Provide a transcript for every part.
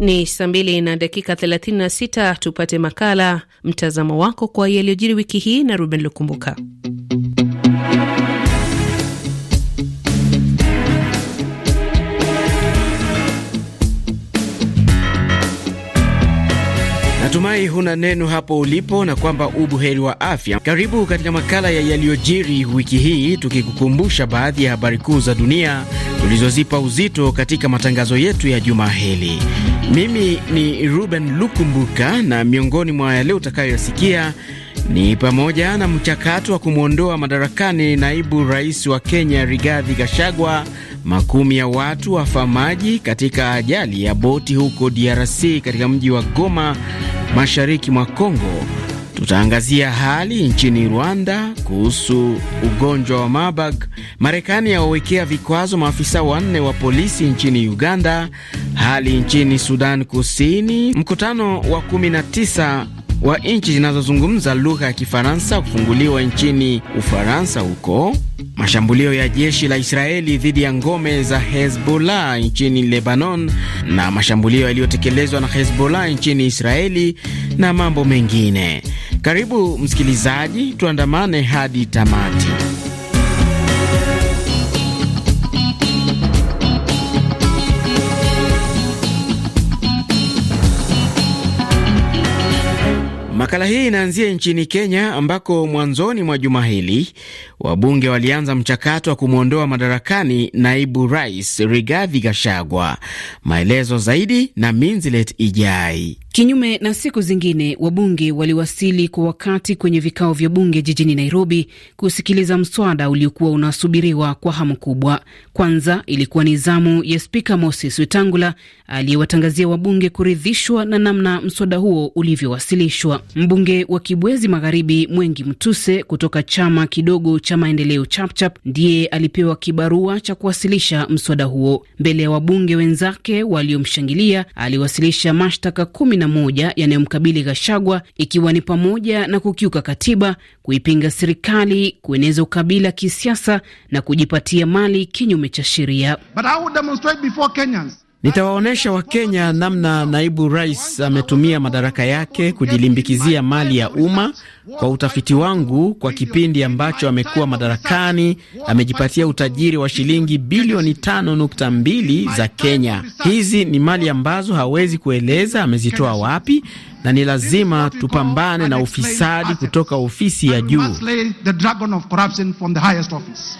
Ni saa mbili na dakika 36. Tupate makala mtazamo wako kwa yaliyojiri wiki hii na Ruben Lukumbuka. Natumai huna neno hapo ulipo na kwamba ubuheri wa afya. Karibu katika makala ya yaliyojiri wiki hii, tukikukumbusha baadhi ya habari kuu za dunia tulizozipa uzito katika matangazo yetu ya juma hili. Mimi ni Ruben Lukumbuka, na miongoni mwa yale utakayoyasikia ni pamoja na mchakato wa kumwondoa madarakani naibu rais wa Kenya Rigathi Gachagua Makumi ya watu wafa maji katika ajali ya boti huko DRC katika mji wa Goma mashariki mwa Kongo. Tutaangazia hali nchini Rwanda kuhusu ugonjwa wa Marburg. Marekani yawawekea vikwazo maafisa wanne wa polisi nchini Uganda. Hali nchini Sudan Kusini. Mkutano wa 19 wa nchi zinazozungumza lugha ya Kifaransa kufunguliwa nchini Ufaransa huko. Mashambulio ya jeshi la Israeli dhidi ya ngome za Hezbollah nchini Lebanon na mashambulio yaliyotekelezwa na Hezbollah nchini Israeli na mambo mengine. Karibu msikilizaji, tuandamane hadi tamati. Makala hii inaanzia nchini Kenya ambako mwanzoni mwa juma hili wabunge walianza mchakato wa kumwondoa madarakani naibu rais Rigathi Gachagua. Maelezo zaidi na Minzilet Ijai. Kinyume na siku zingine, wabunge waliwasili kwa wakati kwenye vikao vya bunge jijini Nairobi kusikiliza mswada uliokuwa unasubiriwa kwa hamu kubwa. Kwanza ilikuwa ni zamu ya Spika Moses Wetangula aliyewatangazia wabunge kuridhishwa na namna mswada huo ulivyowasilishwa. Mbunge wa Kibwezi Magharibi Mwengi Mtuse kutoka chama kidogo cha maendeleo Chapchap ndiye alipewa kibarua cha kuwasilisha mswada huo. Mbele ya wabunge wenzake waliomshangilia, aliwasilisha mashtaka kumi 11 yanayomkabili Gashagwa, ikiwa ni pamoja na kukiuka katiba, kuipinga serikali, kueneza ukabila kisiasa na kujipatia mali kinyume cha sheria. Nitawaonyesha Wakenya namna naibu rais ametumia madaraka yake kujilimbikizia mali ya umma. Kwa utafiti wangu, kwa kipindi ambacho amekuwa madarakani, amejipatia utajiri wa shilingi bilioni 5.2 za Kenya. Hizi ni mali ambazo hawezi kueleza amezitoa wapi, na ni lazima tupambane na ufisadi kutoka ofisi ya juu.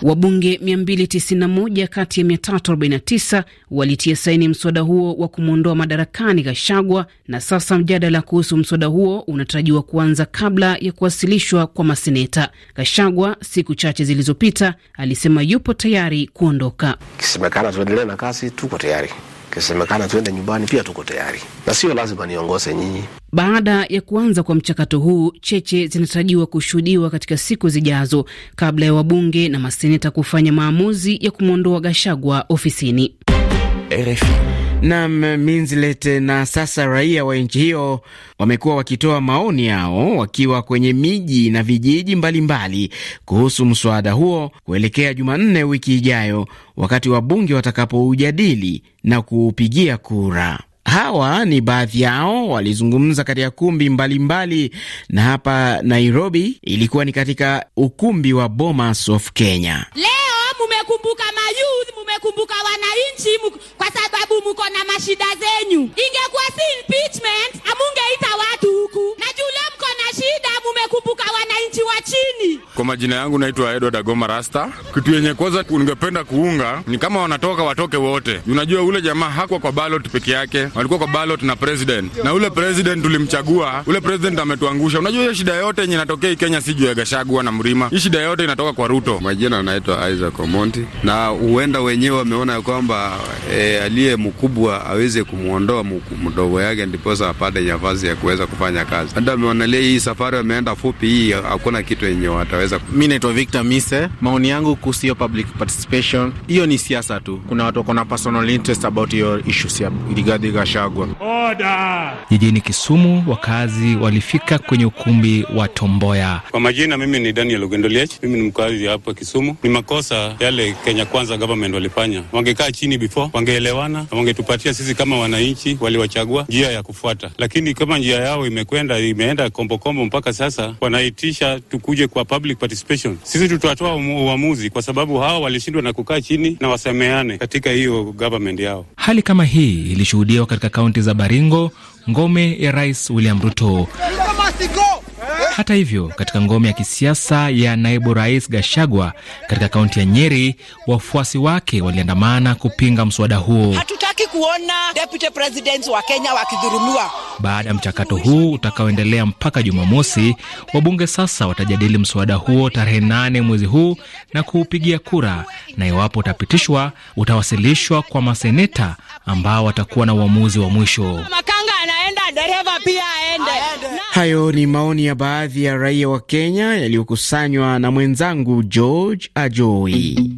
Wabunge 291 kati ya 349 walitia saini mswada huo wa kumwondoa madarakani Gashagwa, na sasa mjadala kuhusu mswada huo unatarajiwa kuanza kabla ya kuwasilishwa kwa maseneta. Gashagwa siku chache zilizopita alisema yupo tayari kuondoka. Ikisemekana tuendelee na kazi, tuko tayari ikisemekana tuende nyumbani, pia tuko tayari na sio lazima niongoze nyinyi. Baada ya kuanza kwa mchakato huu, cheche zinatarajiwa kushuhudiwa katika siku zijazo kabla ya wabunge na maseneta kufanya maamuzi ya kumwondoa Gashagwa ofisini. RFI. Nam Minzlet. Na sasa raia wa nchi hiyo wamekuwa wakitoa maoni yao wakiwa kwenye miji na vijiji mbalimbali mbali, kuhusu mswada huo kuelekea Jumanne wiki ijayo, wakati wabunge watakapoujadili na kuupigia kura. Hawa ni baadhi yao walizungumza katika kumbi mbalimbali mbali, na hapa Nairobi ilikuwa ni katika ukumbi wa Bomas of Kenya Le mmekumbuka mayouth, mumekumbuka wananchi kwa sababu mko na mashida zenyu. Ingekuwa si impeachment, amungeita watu huku wananchi wa chini. Kwa majina yangu naitwa Edward Agoma Rasta. Kitu yenye kwanza ningependa kuunga ni kama wanatoka watoke wote. Unajua ule jamaa hakuwa kwa ballot peke yake, walikuwa kwa ballot na president, na ule president tulimchagua, ule president ametuangusha. Unajua hiyo shida yote yenye inatokea Kenya si juu ya Gachagua na Mrima, hii shida yote inatoka kwa Ruto. Majina anaitwa Isaac Omonti, na huenda wenyewe wameona ya kwamba e, aliye mkubwa aweze kumwondoa mdogo yake, ndiposa apate nafasi ya kuweza kufanya kazi. Hata ameonelea hii safari ameenda fupi hii hakuna kitu yenye wataweza. Mi naitwa Victor Mise. Maoni yangu kuhusu hiyo public participation, hiyo ni siasa tu. Kuna watu wako na personal interest about hiyo issues ya Rigathi Gachagua. Jijini Kisumu, wakazi walifika kwenye ukumbi wa Tomboya. Kwa majina, mimi ni Daniel Ugendoliech, mimi ni mkazi hapa Kisumu. Ni makosa yale Kenya Kwanza government walifanya, wangekaa chini before, wangeelewana na wangetupatia sisi kama wananchi waliwachagua njia ya kufuata, lakini kama njia yao imekwenda imeenda kombokombo mpaka sasa, wanaitisha tukuje kwa public participation. Sisi tutatoa uamuzi kwa sababu hawa walishindwa na kukaa chini na wasemeane katika hiyo government yao. Hali kama hii ilishuhudiwa katika kaunti za Baringo, ngome ya Rais William Ruto. Hata hivyo, katika ngome ya kisiasa ya naibu rais Gashagwa katika kaunti ya Nyeri, wafuasi wake waliandamana kupinga mswada huo. Hatutaki kuona deputy presidents wa Kenya wakidhulumiwa. Baada ya mchakato huu utakaoendelea mpaka Jumamosi, wabunge sasa watajadili mswada huo tarehe nane mwezi huu na kuupigia kura, na iwapo utapitishwa utawasilishwa kwa maseneta ambao watakuwa na uamuzi wa mwisho dereva pia aende. Hayo ni maoni ya baadhi ya raia wa Kenya yaliyokusanywa na mwenzangu George Ajoi.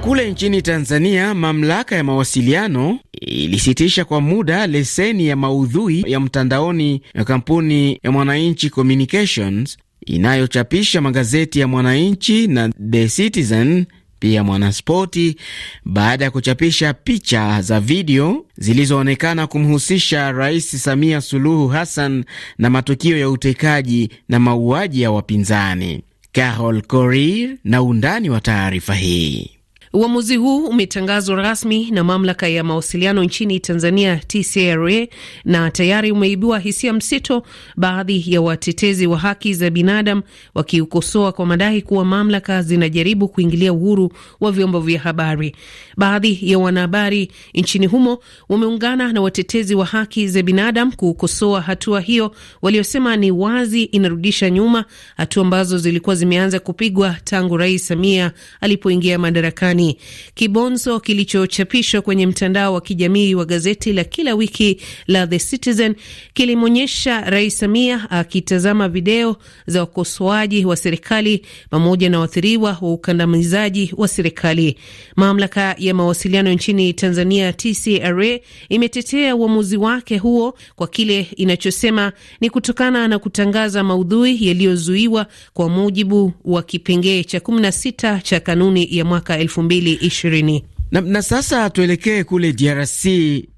Kule nchini Tanzania, mamlaka ya mawasiliano ilisitisha kwa muda leseni ya maudhui ya mtandaoni ya kampuni ya Mwananchi Communications inayochapisha magazeti ya Mwananchi na The Citizen pia Mwanaspoti baada ya kuchapisha picha za video zilizoonekana kumhusisha Rais Samia Suluhu Hassan na matukio ya utekaji na mauaji ya wapinzani. Carol Korir na undani wa taarifa hii. Uamuzi huu umetangazwa rasmi na mamlaka ya mawasiliano nchini Tanzania, TCRA, na tayari umeibua hisia mseto, baadhi ya watetezi wa haki za binadamu wakiukosoa kwa madai kuwa mamlaka zinajaribu kuingilia uhuru wa vyombo vya habari. Baadhi ya wanahabari nchini humo wameungana na watetezi wa haki za binadamu kuukosoa hatua hiyo, waliosema ni wazi inarudisha nyuma hatua ambazo zilikuwa zimeanza kupigwa tangu Rais Samia alipoingia madarakani. Marekani. Kibonzo kilichochapishwa kwenye mtandao wa kijamii wa gazeti la kila wiki la The Citizen kilimwonyesha Rais Samia akitazama video za wakosoaji wa serikali pamoja na waathiriwa wa ukandamizaji wa serikali. Mamlaka ya mawasiliano nchini Tanzania, TCRA, imetetea uamuzi wake huo kwa kile inachosema ni kutokana na kutangaza maudhui yaliyozuiwa kwa mujibu wa kipengee cha 16 cha kanuni ya mwaka mbili ishirini na, na sasa tuelekee kule DRC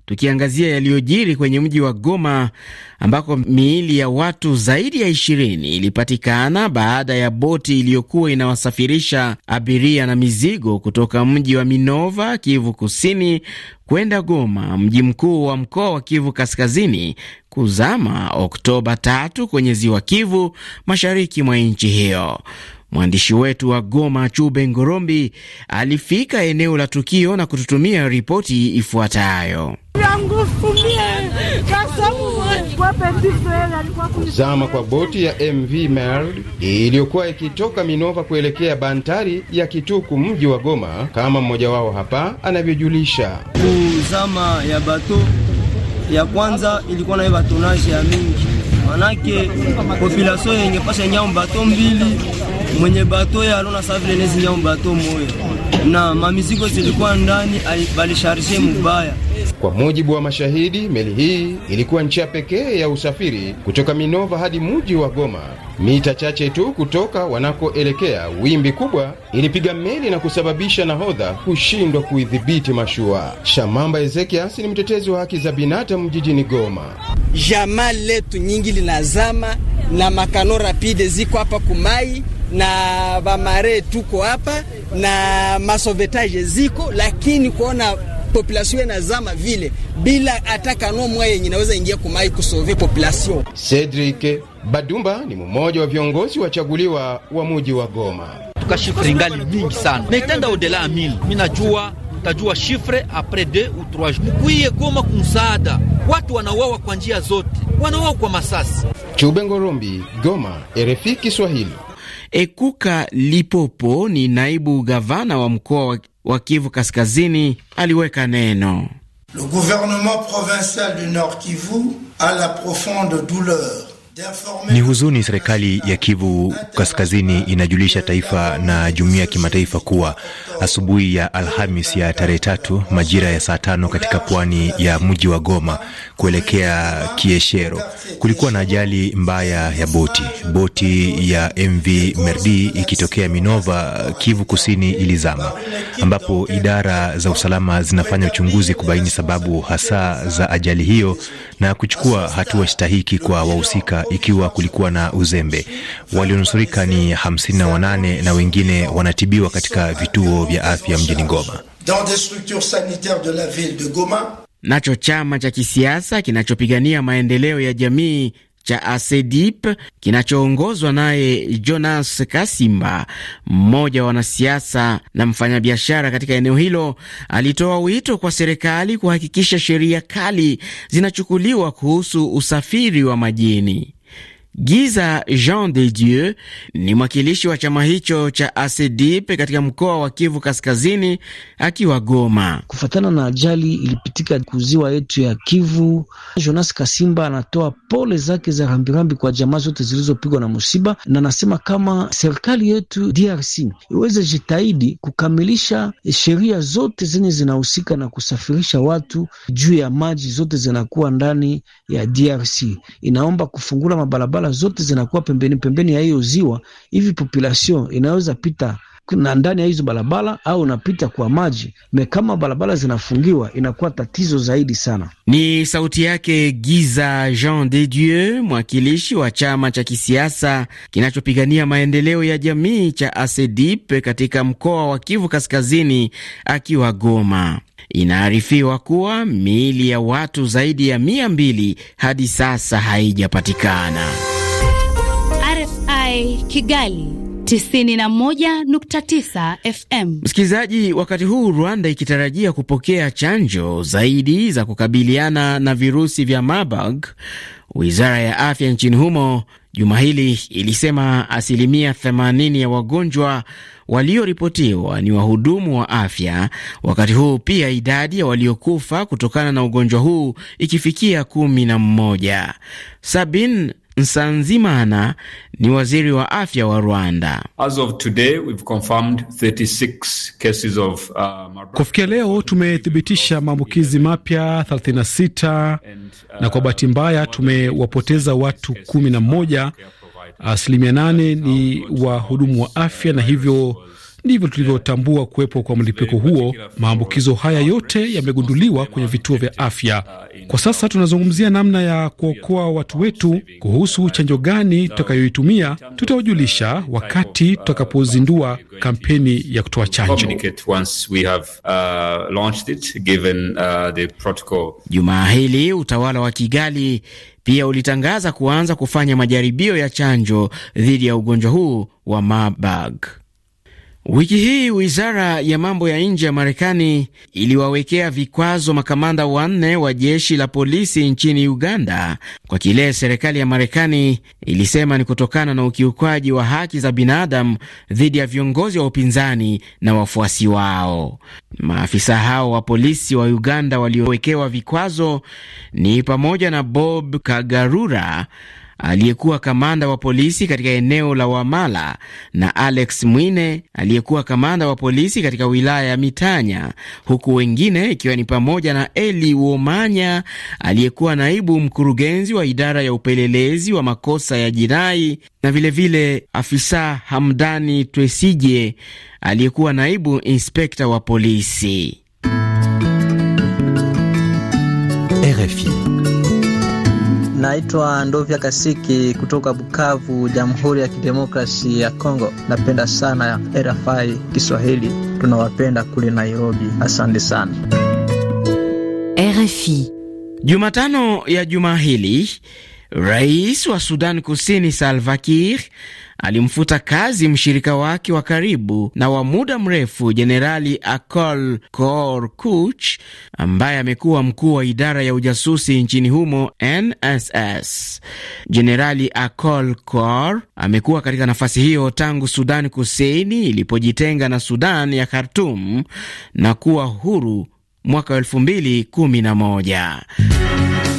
tukiangazia yaliyojiri kwenye mji wa Goma ambako miili ya watu zaidi ya ishirini ilipatikana baada ya boti iliyokuwa inawasafirisha abiria na mizigo kutoka mji wa Minova, Kivu Kusini, kwenda Goma, mji mkuu wa mkoa wa Kivu Kaskazini, kuzama Oktoba tatu kwenye ziwa Kivu, mashariki mwa nchi hiyo. Mwandishi wetu wa Goma, Chube Ngorombi, alifika eneo la tukio na kututumia ripoti ifuatayo. Kuzama kwa boti ya MV Merl iliyokuwa ikitoka Minova kuelekea bandari ya Kituku, mji wa Goma, kama mmoja wao hapa anavyojulisha. Kuzama ya bato ya kwanza ilikuwa nayo batonaje ya mingi, manake populasio yenye pasha nyao bato mbili mwenye bato ye alona savile nezinyao bato moyo na mamiziko zilikuwa ndani balisharishe mubaya. Kwa mujibu wa mashahidi, meli hii ilikuwa njia pekee ya usafiri kutoka Minova hadi muji wa Goma. Mita chache tu kutoka wanakoelekea, wimbi kubwa ilipiga meli na kusababisha nahodha kushindwa kuidhibiti mashua. Shamamba Ezekiasi ni mtetezi wa haki za binadamu jijini Goma. Jamaa letu nyingi linazama na makano rapide ziko hapa kumai na bamare tuko hapa na masovetage ziko, lakini kuona population inazama vile bila hata kanoa mwa yenye naweza ingia kumai kusove population. Cedric Badumba ni mmoja wa viongozi wachaguliwa wa muji wa Goma. tukashifre ngali mingi sana na itenda odela mili minajua tajua shifre apres 2 ou 3 mkuiye Goma kumsaada watu wanauawa kwa njia zote, wanauawa kwa masasi. Chube Ngorombi, Goma, RFI Kiswahili. Ekuka Lipopo ni naibu gavana wa mkoa wa Kivu Kaskazini, aliweka neno. Le gouvernement provincial du Nord Kivu a la profonde douleur ni huzuni, serikali ya Kivu Kaskazini inajulisha taifa na jumuia ya kimataifa kuwa asubuhi ya Alhamis ya tarehe tatu majira ya saa tano katika pwani ya mji wa Goma kuelekea Kieshero kulikuwa na ajali mbaya ya boti. Boti ya MV Merdi ikitokea Minova, Kivu Kusini, ilizama, ambapo idara za usalama zinafanya uchunguzi kubaini sababu hasa za ajali hiyo na kuchukua hatua stahiki kwa wahusika ikiwa kulikuwa na uzembe. Walionusurika ni 58 na na wengine wanatibiwa katika vituo vya afya mjini Goma. Nacho chama cha kisiasa kinachopigania maendeleo ya jamii cha ASEDIP kinachoongozwa naye Jonas Kasimba, mmoja wa wanasiasa na mfanyabiashara katika eneo hilo, alitoa wito kwa serikali kuhakikisha sheria kali zinachukuliwa kuhusu usafiri wa majini. Giza Jean de Dieu ni mwakilishi wa chama hicho cha acdp katika mkoa wa Kivu Kaskazini akiwa Goma. Kufuatana na ajali ilipitika kuziwa yetu ya Kivu, Jonas Kasimba anatoa pole zake za rambirambi kwa jamaa zote zilizopigwa na musiba, na anasema kama serikali yetu DRC iweze jitahidi kukamilisha sheria zote zenye zinahusika na kusafirisha watu juu ya maji zote zinakuwa ndani ya DRC. Inaomba kufungula mabarabara barabara zote zinakuwa pembeni pembeni ya hiyo ziwa, hivi population inaweza pita na ndani ya hizo barabara au unapita kwa maji me. Kama barabara zinafungiwa, inakuwa tatizo zaidi sana. Ni sauti yake Giza Jean de Dieu, mwakilishi wa chama cha kisiasa kinachopigania maendeleo ya jamii cha ASEDIP katika mkoa wa Kivu Kaskazini, akiwa Goma. Inaarifiwa kuwa miili ya watu zaidi ya mia mbili hadi sasa haijapatikana. Kigali 91.9 FM. Msikilizaji, wakati huu Rwanda ikitarajia kupokea chanjo zaidi za kukabiliana na virusi vya Marburg, wizara ya afya nchini humo juma hili ilisema asilimia 80 ya wagonjwa walioripotiwa ni wahudumu wa afya, wakati huu pia idadi ya waliokufa kutokana na ugonjwa huu ikifikia kumi na mmoja. Sabin Nsanzimana ni waziri wa afya wa Rwanda. As of today, we've confirmed 36 cases of, uh, kufikia leo tumethibitisha maambukizi mapya 36 uh, na kwa bahati mbaya tumewapoteza watu 11. na Asilimia nane ni wahudumu wa uh, afya na hivyo Ndivyo tulivyotambua kuwepo kwa mlipuko huo. Maambukizo haya yote yamegunduliwa kwenye vituo vya afya. Kwa sasa tunazungumzia namna ya kuokoa watu wetu. Kuhusu chanjo gani tutakayoitumia, tutawajulisha wakati tutakapozindua kampeni ya kutoa chanjo. Uh, uh, Jumaa hili utawala wa Kigali pia ulitangaza kuanza kufanya majaribio ya chanjo dhidi ya ugonjwa huu wa Marburg. Wiki hii wizara ya mambo ya nje ya Marekani iliwawekea vikwazo makamanda wanne wa jeshi la polisi nchini Uganda kwa kile serikali ya Marekani ilisema ni kutokana na ukiukwaji wa haki za binadamu dhidi ya viongozi wa upinzani na wafuasi wao. Maafisa hao wa polisi wa Uganda waliowekewa vikwazo ni pamoja na Bob Kagarura aliyekuwa kamanda wa polisi katika eneo la Wamala na Alex Mwine aliyekuwa kamanda wa polisi katika wilaya ya Mitanya, huku wengine ikiwa ni pamoja na Eli Womanya aliyekuwa naibu mkurugenzi wa idara ya upelelezi wa makosa ya jinai na vilevile vile afisa Hamdani Twesije aliyekuwa naibu inspekta wa polisi. RFI. Naitwa Ndovya Kasiki kutoka Bukavu, Jamhuri ya Kidemokrasi ya Kongo. Napenda sana RFI Kiswahili, tunawapenda kule Nairobi. Asante sana RFI. Jumatano ya juma hili, rais wa Sudan Kusini Salva Kiir alimfuta kazi mshirika wake wa karibu na wa muda mrefu Jenerali Akol cor Kuch ambaye amekuwa mkuu wa idara ya ujasusi nchini humo NSS. Jenerali Akol cor amekuwa katika nafasi hiyo tangu Sudan Kusini ilipojitenga na Sudan ya Khartum na kuwa huru mwaka 2011.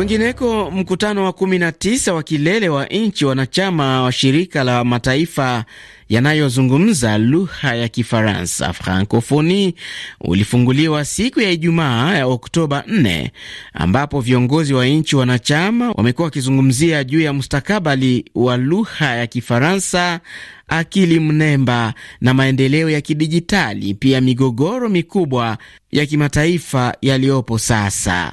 Kwingineko, mkutano wa 19 wa kilele wa nchi wanachama wa shirika la mataifa yanayozungumza lugha ya Kifaransa, Francofoni, ulifunguliwa siku ya Ijumaa ya Oktoba 4 ambapo viongozi wa nchi wanachama wamekuwa wakizungumzia juu ya mustakabali wa lugha ya Kifaransa, akili mnemba na maendeleo ya kidijitali, pia migogoro mikubwa ya kimataifa yaliyopo sasa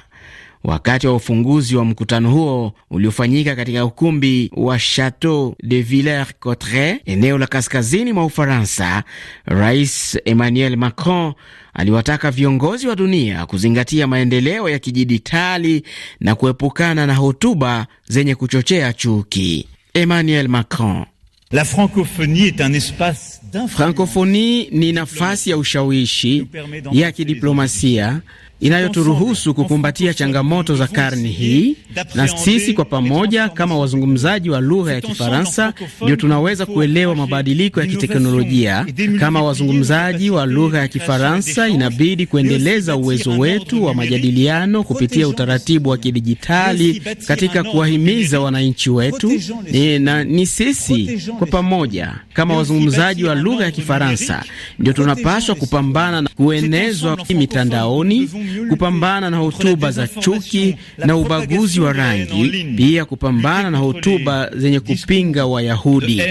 wakati wa ufunguzi wa mkutano huo uliofanyika katika ukumbi wa Chateau de villers cotre eneo la kaskazini mwa Ufaransa, Rais Emmanuel Macron aliwataka viongozi wa dunia kuzingatia maendeleo ya kidijitali na kuepukana na hotuba zenye kuchochea chuki. Emmanuel Macron la francophonie est un espace. Frankofoni ni nafasi ya ushawishi ya kidiplomasia inayoturuhusu kukumbatia changamoto za karni hii, na sisi kwa pamoja kama wazungumzaji wa lugha ya Kifaransa ndio tunaweza kuelewa mabadiliko ya kiteknolojia. Kama wazungumzaji wa lugha ya Kifaransa, inabidi kuendeleza uwezo wetu wa majadiliano kupitia utaratibu wa kidijitali katika kuwahimiza wananchi wetu. e, na, ni sisi kwa pamoja kama wazungumzaji wa lugha ya Kifaransa ndio tunapaswa kupambana na kuenezwa mitandaoni kupambana na hotuba za chuki na ubaguzi wa rangi, pia kupambana na hotuba zenye kupinga Wayahudi.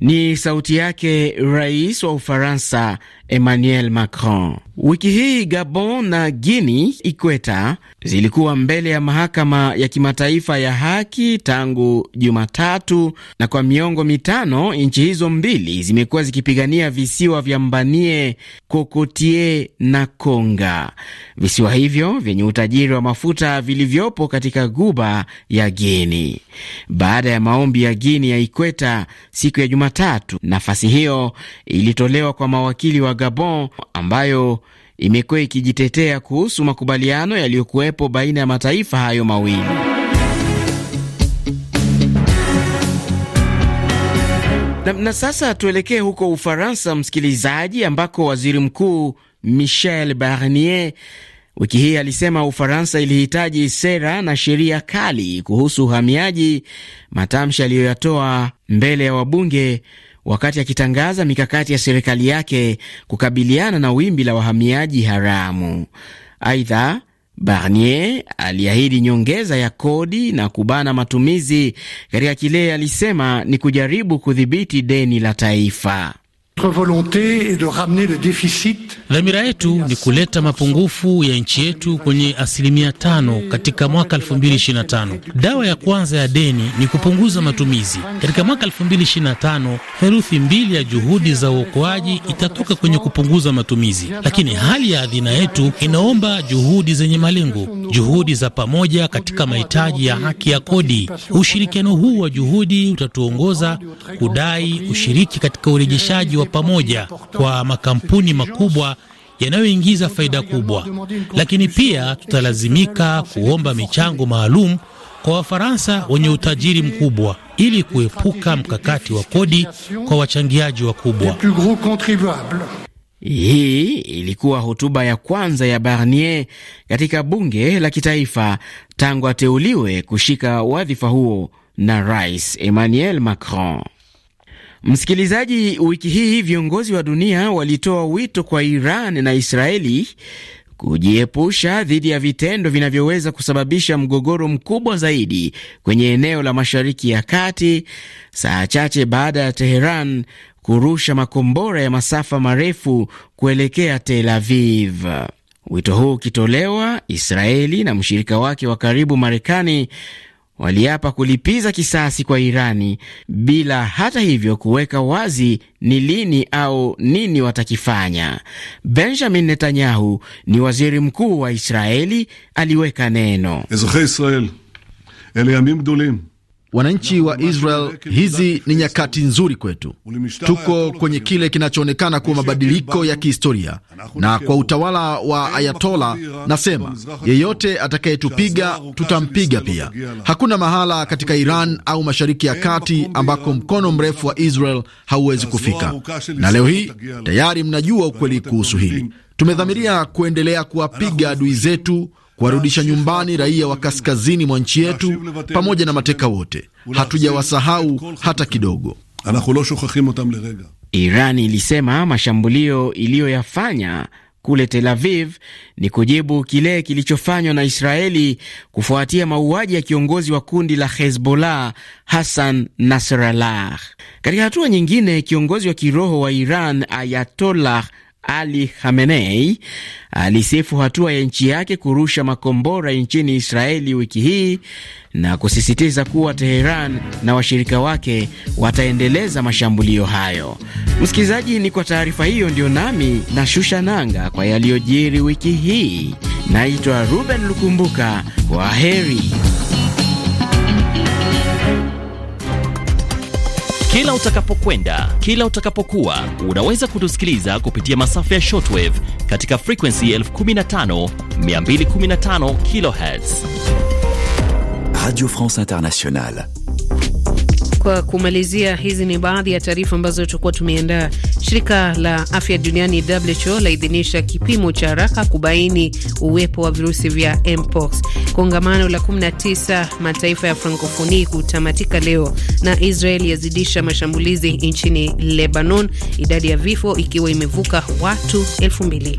Ni sauti yake Rais wa Ufaransa Emmanuel Macron. Wiki hii Gabon na guini Ikweta zilikuwa mbele ya mahakama ya kimataifa ya haki tangu Jumatatu, na kwa miongo mitano nchi hizo mbili zimekuwa zikipigania visiwa vya Mbanie, Kokotie na Konga, visiwa hivyo vyenye utajiri wa mafuta vilivyopo katika guba ya Guini. Baada ya maombi ya guini ya Ikweta siku ya Jumatatu, nafasi hiyo ilitolewa kwa mawakili wa Gabon ambayo imekuwa ikijitetea kuhusu makubaliano yaliyokuwepo baina ya mataifa hayo mawili. Na, na sasa tuelekee huko Ufaransa, msikilizaji, ambako waziri mkuu Michel Barnier wiki hii alisema Ufaransa ilihitaji sera na sheria kali kuhusu uhamiaji, matamshi aliyoyatoa mbele ya wabunge wakati akitangaza mikakati ya serikali yake kukabiliana na wimbi la wahamiaji haramu. Aidha, Barnier aliahidi nyongeza ya kodi na kubana matumizi katika kile alisema ni kujaribu kudhibiti deni la taifa. Dhamira yetu ni kuleta mapungufu ya nchi yetu kwenye asilimia tano katika mwaka 2025. Dawa ya kwanza ya deni ni kupunguza matumizi. Katika mwaka 2025, theluthi mbili ya juhudi za uokoaji itatoka kwenye kupunguza matumizi, lakini hali ya adhina yetu inaomba juhudi zenye malengo, juhudi za pamoja katika mahitaji ya haki ya kodi. Ushirikiano huu wa juhudi utatuongoza kudai ushiriki katika urejeshaji wa pamoja kwa makampuni makubwa yanayoingiza faida kubwa, lakini pia tutalazimika kuomba michango maalum kwa Wafaransa wenye utajiri mkubwa ili kuepuka mkakati wa kodi kwa wachangiaji wakubwa. Hii ilikuwa hotuba ya kwanza ya Barnier katika bunge la kitaifa tangu ateuliwe kushika wadhifa huo na Rais Emmanuel Macron. Msikilizaji, wiki hii viongozi wa dunia walitoa wito kwa Iran na Israeli kujiepusha dhidi ya vitendo vinavyoweza kusababisha mgogoro mkubwa zaidi kwenye eneo la Mashariki ya Kati, saa chache baada ya Teheran kurusha makombora ya masafa marefu kuelekea Tel Aviv. Wito huu ukitolewa Israeli na mshirika wake wa karibu Marekani waliapa kulipiza kisasi kwa Irani bila hata hivyo kuweka wazi ni lini au nini watakifanya. Benjamin Netanyahu ni waziri mkuu wa Israeli, aliweka neno Israel, Wananchi wa Israel, hizi ni nyakati nzuri kwetu. Tuko kwenye kile kinachoonekana kuwa mabadiliko ya kihistoria, na kwa utawala wa Ayatola nasema yeyote atakayetupiga tutampiga pia. Hakuna mahala katika Iran au Mashariki ya Kati ambako mkono mrefu wa Israel hauwezi kufika, na leo hii tayari mnajua ukweli kuhusu hili. Tumedhamiria kuendelea kuwapiga adui zetu kuwarudisha nyumbani raia wa kaskazini mwa nchi yetu pamoja na mateka wote. Hatujawasahau hata kidogo. Iran ilisema mashambulio iliyoyafanya kule Tel Aviv ni kujibu kile kilichofanywa na Israeli kufuatia mauaji ya kiongozi wa kundi la Hezbollah Hassan Nasrallah. Katika hatua nyingine, kiongozi wa kiroho wa Iran Ayatollah ali hamenei alisifu hatua ya nchi yake kurusha makombora nchini Israeli wiki hii na kusisitiza kuwa Teheran na washirika wake wataendeleza mashambulio hayo. Msikilizaji, ni kwa taarifa hiyo ndiyo nami na shusha nanga kwa yaliyojiri wiki hii. Naitwa Ruben Lukumbuka, kwa heri. Kila utakapokwenda, kila utakapokuwa, unaweza kutusikiliza kupitia masafa ya shortwave katika frequency 15215 215 Radio France Internationale. Kwa kumalizia, hizi ni baadhi ya taarifa ambazo tulikuwa tumeandaa. Shirika la afya duniani WHO laidhinisha kipimo cha haraka kubaini uwepo wa virusi vya mpox. Kongamano la 19 mataifa ya Frankofoni kutamatika leo, na Israel yazidisha mashambulizi nchini Lebanon, idadi ya vifo ikiwa imevuka watu elfu mbili.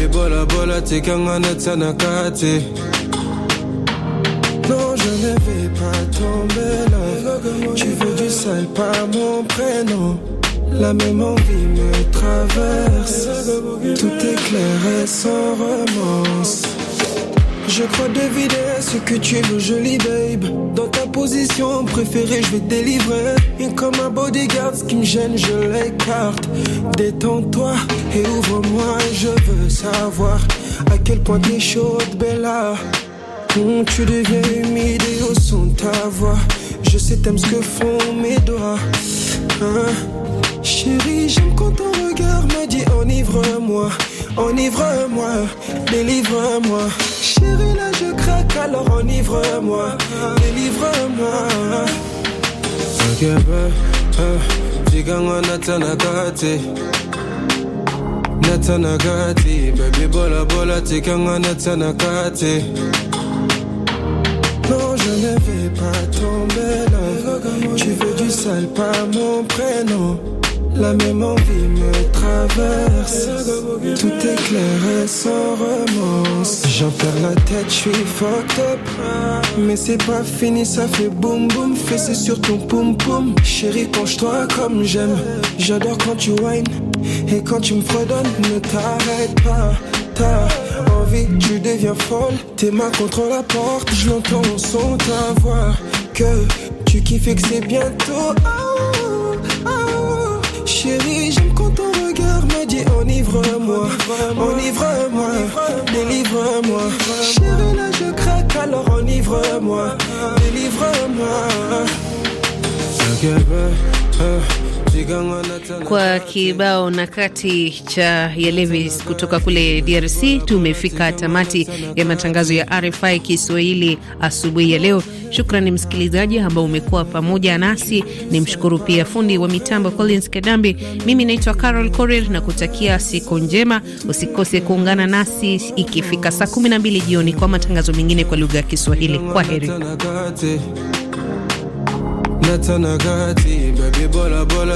Non je ne vais pas tomber là Tu veux du sale par mon prénom La même envie me traverse Tout est clair et sans romance je crois deviner ce que tu es, mon joli babe. Dans ta position préférée, je vais te délivrer. Et comme un bodyguard, ce qui me gêne, je l'écarte. Détends-toi et ouvre-moi, je veux savoir à quel point t'es chaude, Bella. Quand tu deviens humide et au son de ta voix. Je sais, t'aimes ce que font mes doigts. Hein, chérie, j'aime quand ton regard me dit enivre-moi enivre-moi, délivre-moi. Chérie, là je craque, alors enivre-moi, délivre-moi. Sakebe, jigangwa natanagati. Natanagati, baby bola bola, jigangwa natanagati. Non, je ne vais pas tomber là. Tu veux du sale, pas mon prénom. La même envie me traverse. Tout est clair et sans remorse. J'en perds la tête, je suis fucked Mais c'est pas fini, ça fait boum boum. Fessé sur ton poum poum. Chérie, penche-toi comme j'aime. J'adore quand tu whines. Et quand tu me fredonnes, ne t'arrête pas. Ta envie tu deviens folle. Tes mains contre la porte, je l'entends son ta voix. Que tu kiffes et que c'est bientôt. délivre-moi, enivre-moi, délivre-moi. Chérie, là je craque, alors enivre-moi, délivre-moi. Kwa kibao na kati cha Yelevis kutoka kule DRC, tumefika tamati ya matangazo ya RFI Kiswahili asubuhi ya leo. Shukrani msikilizaji ambao umekuwa pamoja nasi, ni mshukuru pia fundi wa mitambo Collins Kedambi. Mimi naitwa Carol corer na kutakia siku njema. Usikose kuungana nasi ikifika saa 12 jioni kwa matangazo mengine kwa lugha ya Kiswahili. Kwa heri.